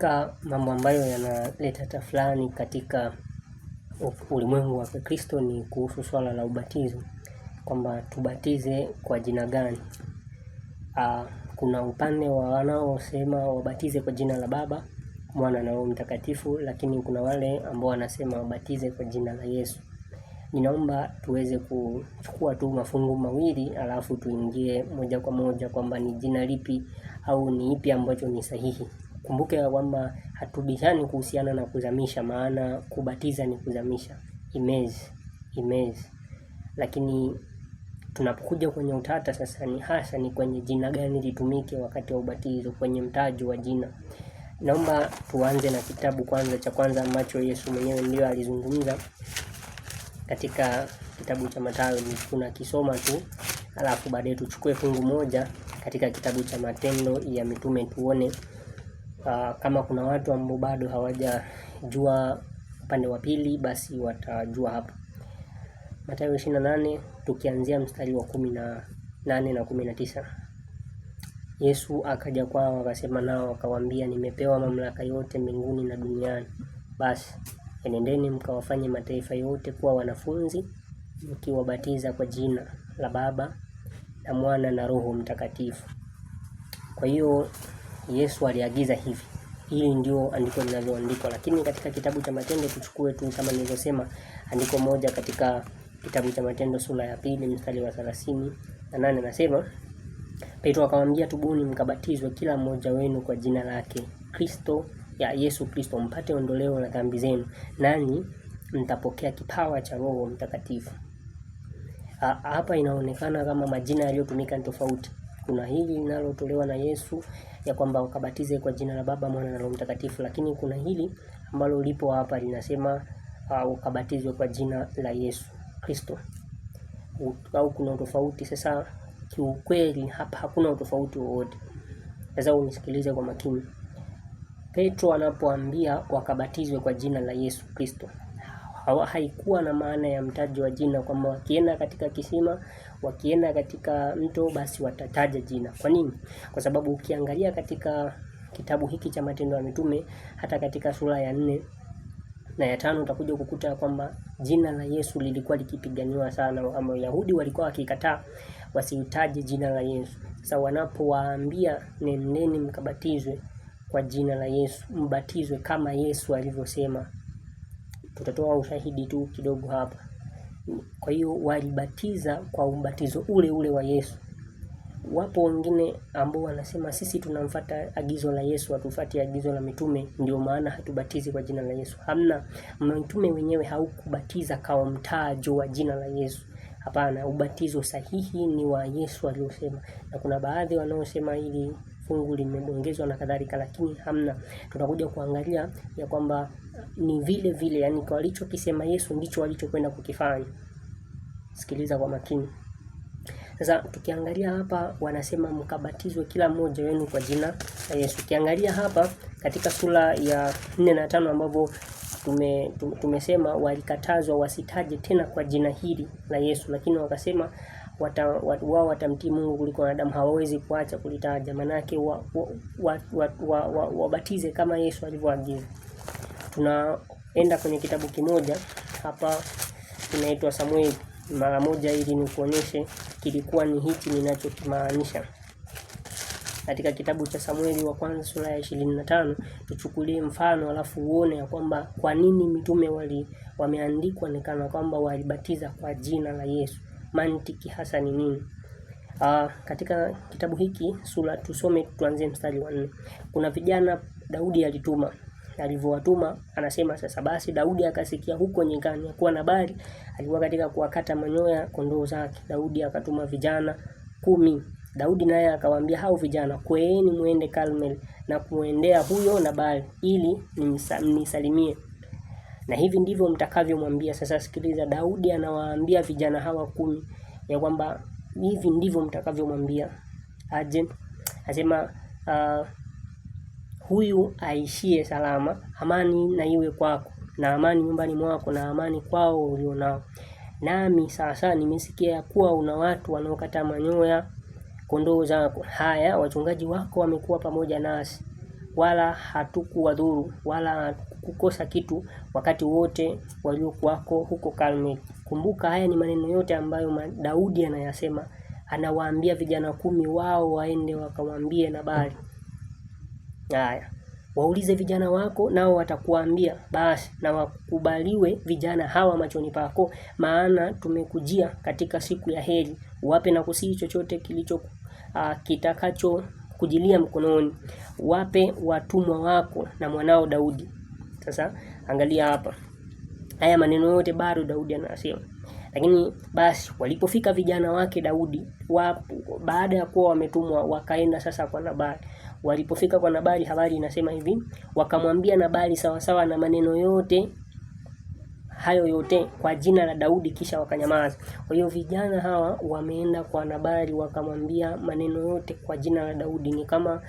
katika mambo ambayo yanaleta tafulani katika ulimwengu wa Kikristo ni kuhusu swala la ubatizo, kwamba tubatize kwa jina gani. Aa, ah, kuna upande wa wanaosema wabatize kwa jina la Baba, Mwana na Roho Mtakatifu, lakini kuna wale ambao wanasema wabatize kwa jina la Yesu. Ninaomba tuweze kuchukua tu mafungu mawili alafu tuingie moja kwa moja kwamba ni jina lipi au ni ipi ambacho ni sahihi. Kumbuke ya kwamba hatubishani kuhusiana na kuzamisha, maana kubatiza ni kuzamisha image, image. lakini tunapokuja kwenye utata sasa, ni hasa ni kwenye jina gani litumike wakati wa ubatizo, kwenye mtaji wa jina. Naomba tuanze na kitabu kwanza cha kwanza ambacho Yesu mwenyewe ndio alizungumza katika kitabu cha Mathayo, kisoma tu Alafu baadaye tuchukue fungu moja katika kitabu cha Matendo ya Mitume tuone uh, kama kuna watu ambao bado hawajajua upande wa pili, basi watajua hapa Mathayo 28 tukianzia mstari wa kumi na nane na kumi na tisa. Yesu akaja kwao akasema nao akawaambia, nimepewa mamlaka yote mbinguni na duniani. Basi enendeni mkawafanye mataifa yote kuwa wanafunzi, mkiwabatiza kwa jina la Baba na Mwana na Roho Mtakatifu. Kwa hiyo Yesu aliagiza hivi. Hili ndio andiko linaloandikwa, lakini katika kitabu cha Matendo tuchukue tu kama nilivyosema, andiko moja katika kitabu cha Matendo sura ya pili mstari wa thelathini na nane nasema, Petro akamwambia, tubuni mkabatizwe kila mmoja wenu kwa jina lake Kristo ya Yesu Kristo mpate ondoleo la dhambi zenu, nani mtapokea kipawa cha Roho Mtakatifu hapa inaonekana kama majina yaliyotumika ni tofauti. Kuna hili linalotolewa na Yesu ya kwamba ukabatize kwa jina la Baba, Mwana na Roho Mtakatifu, lakini kuna hili ambalo lipo hapa linasema uh, ukabatizwe kwa jina la Yesu Kristo au kuna utofauti? Sasa kiukweli hapa hakuna utofauti wowote. Sasa unisikilize kwa makini. Petro anapoambia wakabatizwe kwa jina la Yesu Kristo, hawa, haikuwa na maana ya mtaji wa jina kwamba wakienda katika kisima, wakienda katika mto, basi watataja jina. Kwa nini? Kwa sababu ukiangalia katika kitabu hiki cha Matendo ya Mitume, hata katika sura ya nne na ya tano utakuja kukuta kwamba jina la Yesu lilikuwa likipiganiwa sana, ama Wayahudi walikuwa wakikataa wasiutaje jina la Yesu. Sasa wanapowaambia nendeni mkabatizwe kwa jina la Yesu, mbatizwe kama Yesu alivyosema, tutatoa ushahidi tu kidogo hapa. Kwa hiyo walibatiza kwa ubatizo ule ule wa Yesu. Wapo wengine ambao wanasema sisi tunamfata agizo la Yesu, hatufati agizo la mitume, ndio maana hatubatizi kwa jina la Yesu. Hamna, mitume wenyewe haukubatiza kwa mtajo wa jina la Yesu. Hapana, ubatizo sahihi ni wa Yesu aliyosema, na kuna baadhi wanaosema hili fungu limeongezwa na kadhalika, lakini hamna. Tutakuja kuangalia ya kwamba ni vile vile, yani kwa Yesu ndicho alichokwenda kukifanya. Sikiliza kwa makini. Sasa tukiangalia hapa wanasema mkabatizwe kila mmoja wenu kwa jina la Yesu. Tukiangalia hapa katika sura ya nne na tano ambavyo tume, tumesema walikatazwa wasitaje tena kwa jina hili la Yesu, lakini wakasema wata, wao watamtii Mungu kuliko wanadamu, hawawezi kuacha kulitaja, manake wabatize wa, wa, wa, wa, wa, kama Yesu alivyoagiza. Tunaenda kwenye kitabu kimoja hapa kinaitwa Samueli. Mara moja ili nikuonyeshe kilikuwa ni hichi ninachokimaanisha katika kitabu cha Samueli wa kwanza sura ya ishirini na tano tuchukulie mfano alafu uone ya kwamba kwa nini mitume wali wameandikwa ni kana kwamba walibatiza kwa jina la Yesu mantiki hasa ni nini? Uh, katika kitabu hiki sura, tusome tuanzie mstari wa nne. Kuna vijana Daudi alituma, alivyowatuma anasema sasa basi, Daudi akasikia huko nyikani na Nabali alikuwa katika kuwakata manyoya kondoo zake. Daudi akatuma vijana kumi. Daudi naye akawaambia hao vijana, kweeni muende Karmel na kuendea huyo Nabali ili mnisalimie na hivi ndivyo mtakavyomwambia. Sasa sikiliza, Daudi anawaambia vijana hawa kumi ya kwamba hivi ndivyo mtakavyomwambia aje, asema uh, huyu aishie salama, amani na iwe kwako na amani nyumbani mwako na amani kwao ulionao. Nami sasa nimesikia ya kuwa una watu wanaokata manyoya kondoo zako. Haya, wachungaji wako wamekuwa pamoja nasi, wala hatukuwadhuru wala kukosa kitu wakati wote waliokuwako huko Karmeli. Kumbuka, haya ni maneno yote ambayo Daudi anayasema, anawaambia vijana kumi wao waende wakawaambie Nabali haya waulize vijana wako nao watakuambia. Basi na wakubaliwe vijana hawa machoni pako, maana tumekujia katika siku ya heri. Uwape na kusihi chochote kilicho uh, kitakacho kujilia mkononi, wape watumwa wako na mwanao Daudi. Sasa angalia hapa, haya maneno yote bado Daudi anasema lakini basi walipofika vijana wake Daudi wa, baada ya kuwa wametumwa wakaenda sasa kwa Nabali. Walipofika kwa Nabali, habari inasema hivi, wakamwambia Nabali sawasawa na maneno yote hayo yote kwa jina la Daudi, kisha wakanyamaza. Kwa hiyo vijana hawa wameenda kwa Nabali wakamwambia maneno yote kwa jina la Daudi. Ni kama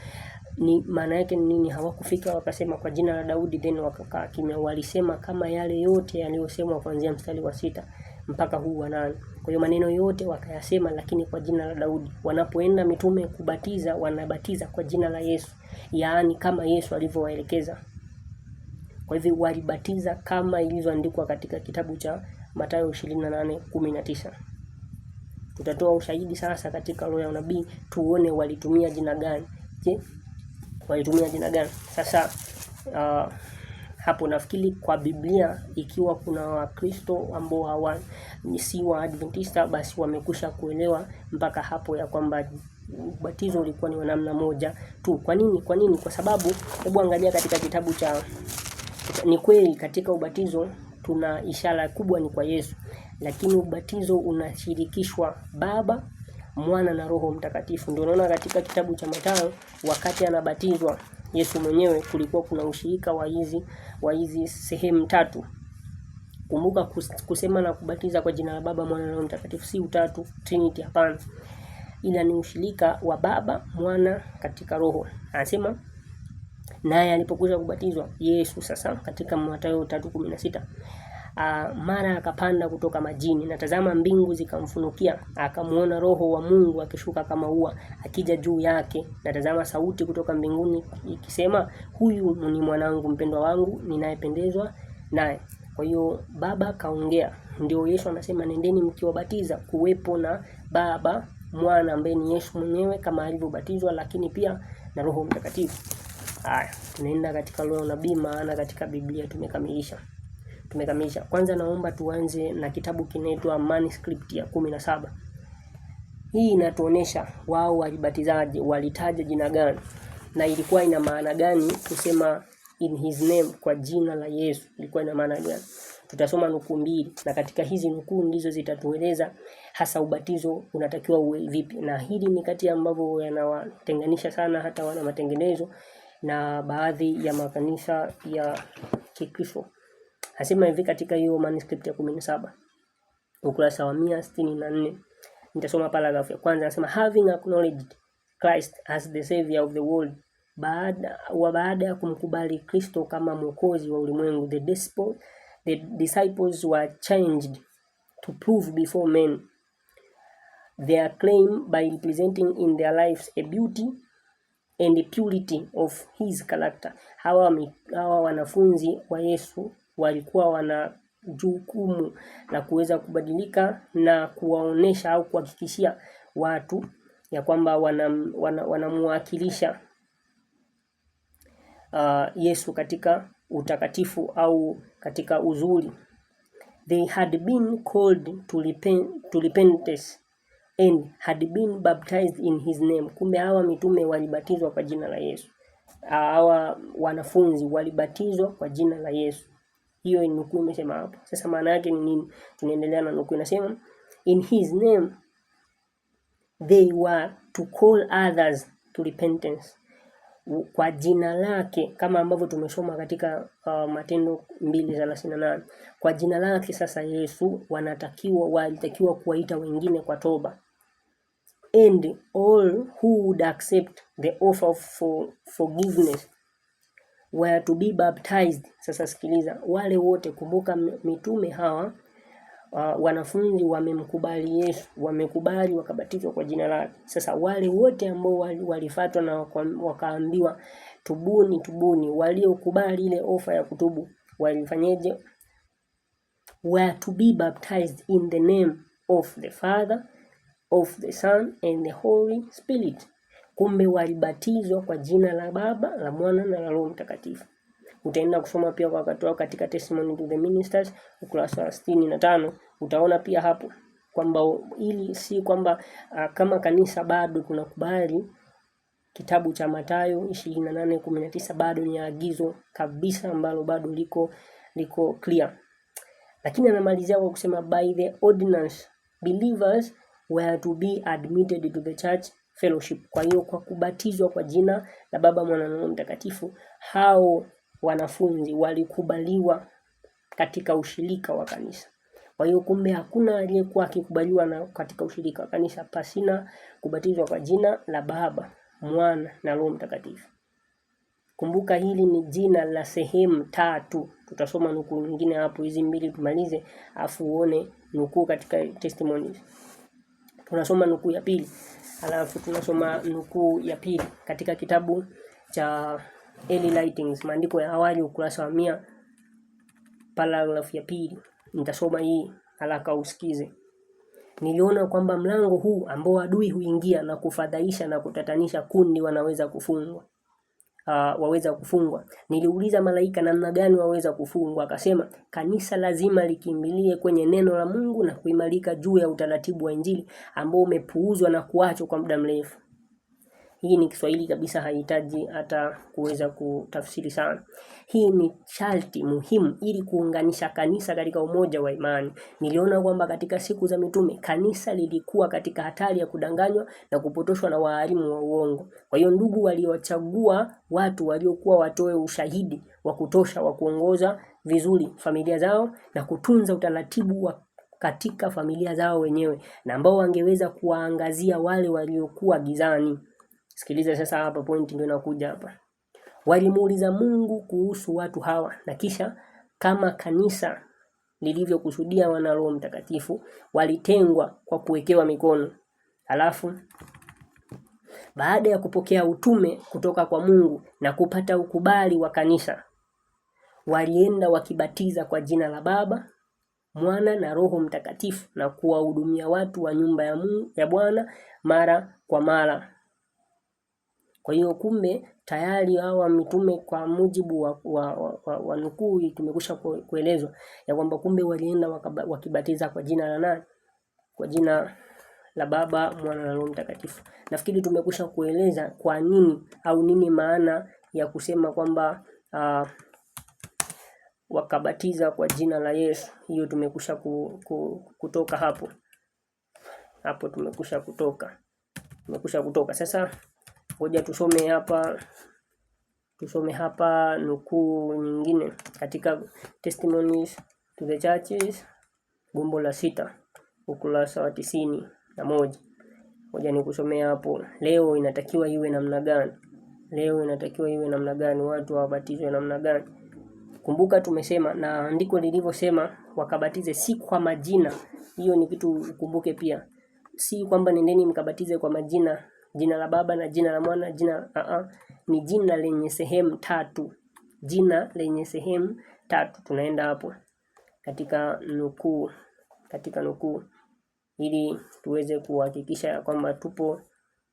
ni maana yake ni nini? Hawakufika wakasema kwa jina la Daudi, then wakakaa kimya. Walisema kama yale yote yaliyosemwa kuanzia mstari wa sita mpaka huu wa nane. Kwa hiyo maneno yote wakayasema, lakini kwa jina la Daudi. Wanapoenda mitume kubatiza, wanabatiza kwa jina la Yesu, yaani kama Yesu alivyowaelekeza. Kwa hivyo walibatiza kama ilivyoandikwa katika kitabu cha Mathayo 28:19. Tutatoa ushahidi sasa katika roho ya unabii tuone walitumia jina gani. Je, walitumia jina gani? Sasa uh, hapo nafikiri kwa Biblia ikiwa kuna Wakristo ambao hawa si wa Adventista basi wamekusha kuelewa mpaka hapo ya kwamba ubatizo ulikuwa ni wa namna moja tu. Kwa nini? Kwa nini? Kwa sababu hebu angalia katika kitabu cha ni kweli katika ubatizo tuna ishara kubwa ni kwa Yesu, lakini ubatizo unashirikishwa Baba, Mwana na Roho Mtakatifu. Ndio unaona katika kitabu cha Mathayo wakati anabatizwa Yesu mwenyewe kulikuwa kuna ushirika wa hizi wa hizi sehemu tatu. Kumbuka kusema na kubatiza kwa jina la Baba, Mwana na Roho Mtakatifu si utatu Trinity, hapana, ila ni ushirika wa Baba, Mwana katika Roho. Anasema naye alipokuja kubatizwa Yesu sasa katika Mathayo 3:16 Uh, ah, mara akapanda kutoka majini na tazama mbingu zikamfunukia, akamwona Roho wa Mungu akishuka kama ua akija juu yake, na tazama sauti kutoka mbinguni ikisema, huyu ni mwanangu mpendwa wangu ninayependezwa naye. Kwa hiyo Baba kaongea, ndio Yesu anasema nendeni mkiwabatiza, kuwepo na Baba, Mwana ambaye ni Yesu mwenyewe kama alivyobatizwa, lakini pia na Roho Mtakatifu. Haya, tunaenda katika lugha na bima, maana katika Biblia tumekamilisha tumekamilisha. Kwanza naomba tuanze na kitabu kinaitwa manuscript ya kumi na saba. Hii inatuonesha wao walibatizaje, walitaja jina gani na ilikuwa ina maana gani kusema in his name, kwa jina la Yesu ilikuwa ina maana gani? Tutasoma nukuu mbili, na katika hizi nukuu ndizo zitatueleza hasa ubatizo unatakiwa uwe vipi, na hili ni kati ya ambavyo yanawatenganisha sana hata wana matengenezo na baadhi ya makanisa ya Kikristo. Anasema hivi katika hiyo manuscript ya 17 ukurasa wa 164 nitasoma paragraph ya kwanza, anasema having acknowledged Christ as the savior of the world baada wa baada ya kumkubali Kristo kama mwokozi wa ulimwengu the disciples, the disciples were changed to prove before men their claim by representing in their lives a beauty and purity of his character. Hawa, hawa wanafunzi wa Yesu walikuwa wana jukumu la kuweza kubadilika na kuwaonesha au kuhakikishia watu ya kwamba wanamwakilisha wana, wana uh, Yesu katika utakatifu au katika uzuri. They had been called to repent, to repentance and had been baptized in his name. Kumbe hawa mitume walibatizwa kwa jina la Yesu, hawa wanafunzi walibatizwa kwa jina la Yesu. Hiyo nukuu imesema hapo. Sasa maana yake ni nini? Tunaendelea na nukuu, inasema in his name they were to call others to repentance kwa jina lake kama ambavyo tumesoma katika uh, Matendo mbili thelathini na nane. Kwa jina lake sasa Yesu wanatakiwa walitakiwa kuwaita wengine kwa toba and all who would accept the offer of for forgiveness were to be baptized. Sasa sikiliza, wale wote, kumbuka mitume hawa uh, wanafunzi wamemkubali Yesu, wamekubali wakabatizwa kwa jina lake. Sasa wale wote ambao walifatwa na wakaambiwa tubuni, tubuni, waliokubali ile ofa ya kutubu walifanyeje? Were to be baptized in the name of the Father of the Son and the Holy Spirit. Kumbe walibatizwa kwa jina la Baba, la Mwana na la Roho Mtakatifu. Utaenda kusoma pia kwa wakati wao katika Testimony to the Ministers ukurasa wa sitini na tano utaona pia hapo kwamba ili si kwamba uh, kama kanisa bado kubali kitabu cha Mathayo ishirini na nane kumi na tisa bado ni agizo kabisa ambalo bado liko liko clear, lakini anamalizia kwa kusema by the ordinance believers were to be admitted to the church fellowship. Kwa hiyo kwa kubatizwa kwa jina la Baba, Mwana na Mtakatifu, hao wanafunzi walikubaliwa katika ushirika wa kanisa. Kwa hiyo kumbe, hakuna aliyekuwa akikubaliwa na katika ushirika wa kanisa pasina kubatizwa kwa jina la Baba, Mwana na Roho Mtakatifu. Kumbuka hili ni jina la sehemu tatu. Tutasoma nukuu nyingine hapo, hizi mbili tumalize, afu uone nukuu katika testimonies tunasoma nukuu ya pili, alafu tunasoma nukuu ya pili katika kitabu cha Early Lightings, maandiko ya awali, ukurasa wa mia paragrafu ya pili. Nitasoma hii haraka usikize. Niliona kwamba mlango huu ambao adui huingia na kufadhaisha na kutatanisha kundi wanaweza kufungwa uh, waweza kufungwa. Niliuliza malaika namna gani waweza kufungwa, akasema kanisa lazima likimbilie kwenye neno la Mungu na kuimarika juu ya utaratibu wa Injili ambao umepuuzwa na kuachwa kwa muda mrefu. Hii ni Kiswahili kabisa, haihitaji hata kuweza kutafsiri sana. Hii ni sharti muhimu ili kuunganisha kanisa katika umoja wa imani. Niliona kwamba katika siku za mitume kanisa lilikuwa katika hatari ya kudanganywa na kupotoshwa na waalimu wa uongo. Kwa hiyo, ndugu waliochagua watu waliokuwa watoe ushahidi wa kutosha wa kuongoza vizuri familia zao na kutunza utaratibu wa katika familia zao wenyewe na ambao wangeweza kuwaangazia wale waliokuwa gizani. Sikiliza sasa hapa, point ndio inakuja hapa. Walimuuliza Mungu kuhusu watu hawa na kisha kama kanisa lilivyokusudia wana Roho Mtakatifu walitengwa kwa kuwekewa mikono. Alafu baada ya kupokea utume kutoka kwa Mungu na kupata ukubali wa kanisa, walienda wakibatiza kwa jina la Baba, Mwana na Roho Mtakatifu na kuwahudumia watu wa nyumba ya Mungu ya Bwana mara kwa mara. Kwa hiyo kumbe tayari hawa mitume kwa mujibu wa, wa, wa, wa, wa nukuu tumekusha kuelezwa ya kwamba kumbe walienda wakibatiza kwa jina la nani? Kwa jina la Baba, Mwana na Roho Mtakatifu. Nafikiri tumekusha kueleza kwa nini au nini maana ya kusema kwamba uh, wakabatiza kwa jina la Yesu. Hiyo tumekusha ku, ku, kutoka hapo hapo, tumekusha kutoka tumekusha kutoka sasa Ngoja tusome hapa, tusome hapa nukuu nyingine katika Testimonies to the Churches gombo la sita ukurasa wa tisini na moja. Ngoja nikusomea hapo. Leo inatakiwa iwe namna gani? Leo inatakiwa iwe namna gani? Watu wabatizwe namna gani? Kumbuka tumesema na andiko lilivyosema wakabatize si kwa majina. Hiyo ni kitu ukumbuke pia, si kwamba nendeni mkabatize kwa majina jina la Baba na jina la Mwana jina a uh-uh. a ni jina lenye sehemu tatu, jina lenye sehemu tatu. Tunaenda hapo katika nukuu, katika nukuu ili tuweze kuhakikisha kwamba tupo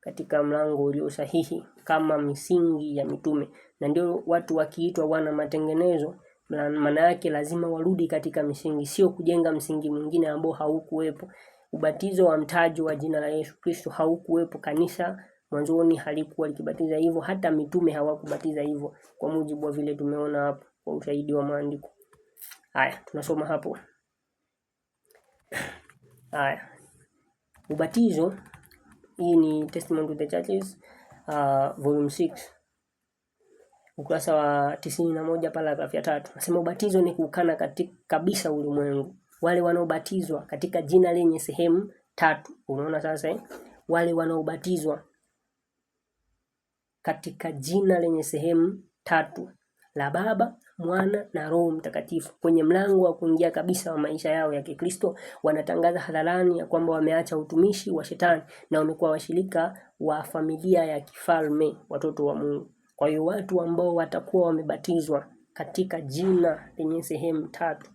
katika mlango ulio sahihi kama misingi ya mitume, na ndio watu wakiitwa wana matengenezo, maana yake lazima warudi katika misingi, sio kujenga msingi mwingine ambao haukuwepo ubatizo wa mtaji wa jina la Yesu Kristo haukuwepo. Kanisa mwanzoni halikuwa likibatiza hivyo, hata mitume hawakubatiza hivyo, kwa mujibu wa vile tumeona hapo kwa ushahidi wa maandiko. Haya, tunasoma hapo. Haya, ubatizo hii ni Testimony to the Churches uh, volume 6 ukurasa wa tisini na moja paragrafu ya tatu nasema, ubatizo ni kukana katika kabisa ulimwengu wale wanaobatizwa katika jina lenye sehemu tatu. Unaona sasa eh? Wale wanaobatizwa katika jina lenye sehemu tatu la Baba, Mwana na Roho Mtakatifu. Kwenye mlango wa kuingia kabisa wa maisha yao ya Kikristo, wanatangaza hadharani ya kwamba wameacha utumishi wa shetani na wamekuwa washirika wa familia ya kifalme, watoto wa Mungu. Kwa hiyo watu ambao watakuwa wamebatizwa katika jina lenye sehemu tatu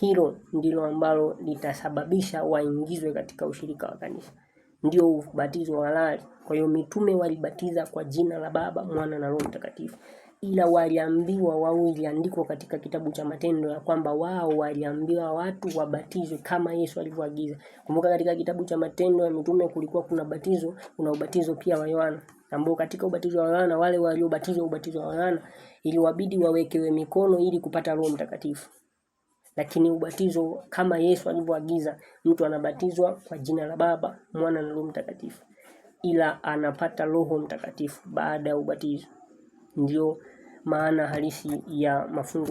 hilo ndilo ambalo litasababisha waingizwe katika ushirika wa kanisa. Ndio ubatizo halali. Kwa hiyo mitume walibatiza kwa jina la Baba, Mwana na Roho Mtakatifu, ila waliambiwa wao, iliandikwa katika kitabu cha Matendo ya kwamba wao waliambiwa watu wabatizwe kama Yesu alivyoagiza. Kumbuka katika kitabu cha Matendo ya Mitume kulikuwa kuna batizo, kuna ubatizo pia wa Yohana ambao katika ubatizo wa Yohana wale waliobatizwa ubatizo wa Yohana iliwabidi wawekewe mikono ili kupata Roho Mtakatifu. Lakini ubatizo kama Yesu alivyoagiza, mtu anabatizwa kwa jina la Baba, Mwana na Roho Mtakatifu, ila anapata Roho Mtakatifu baada ya ubatizo. Ndio maana halisi ya mafungo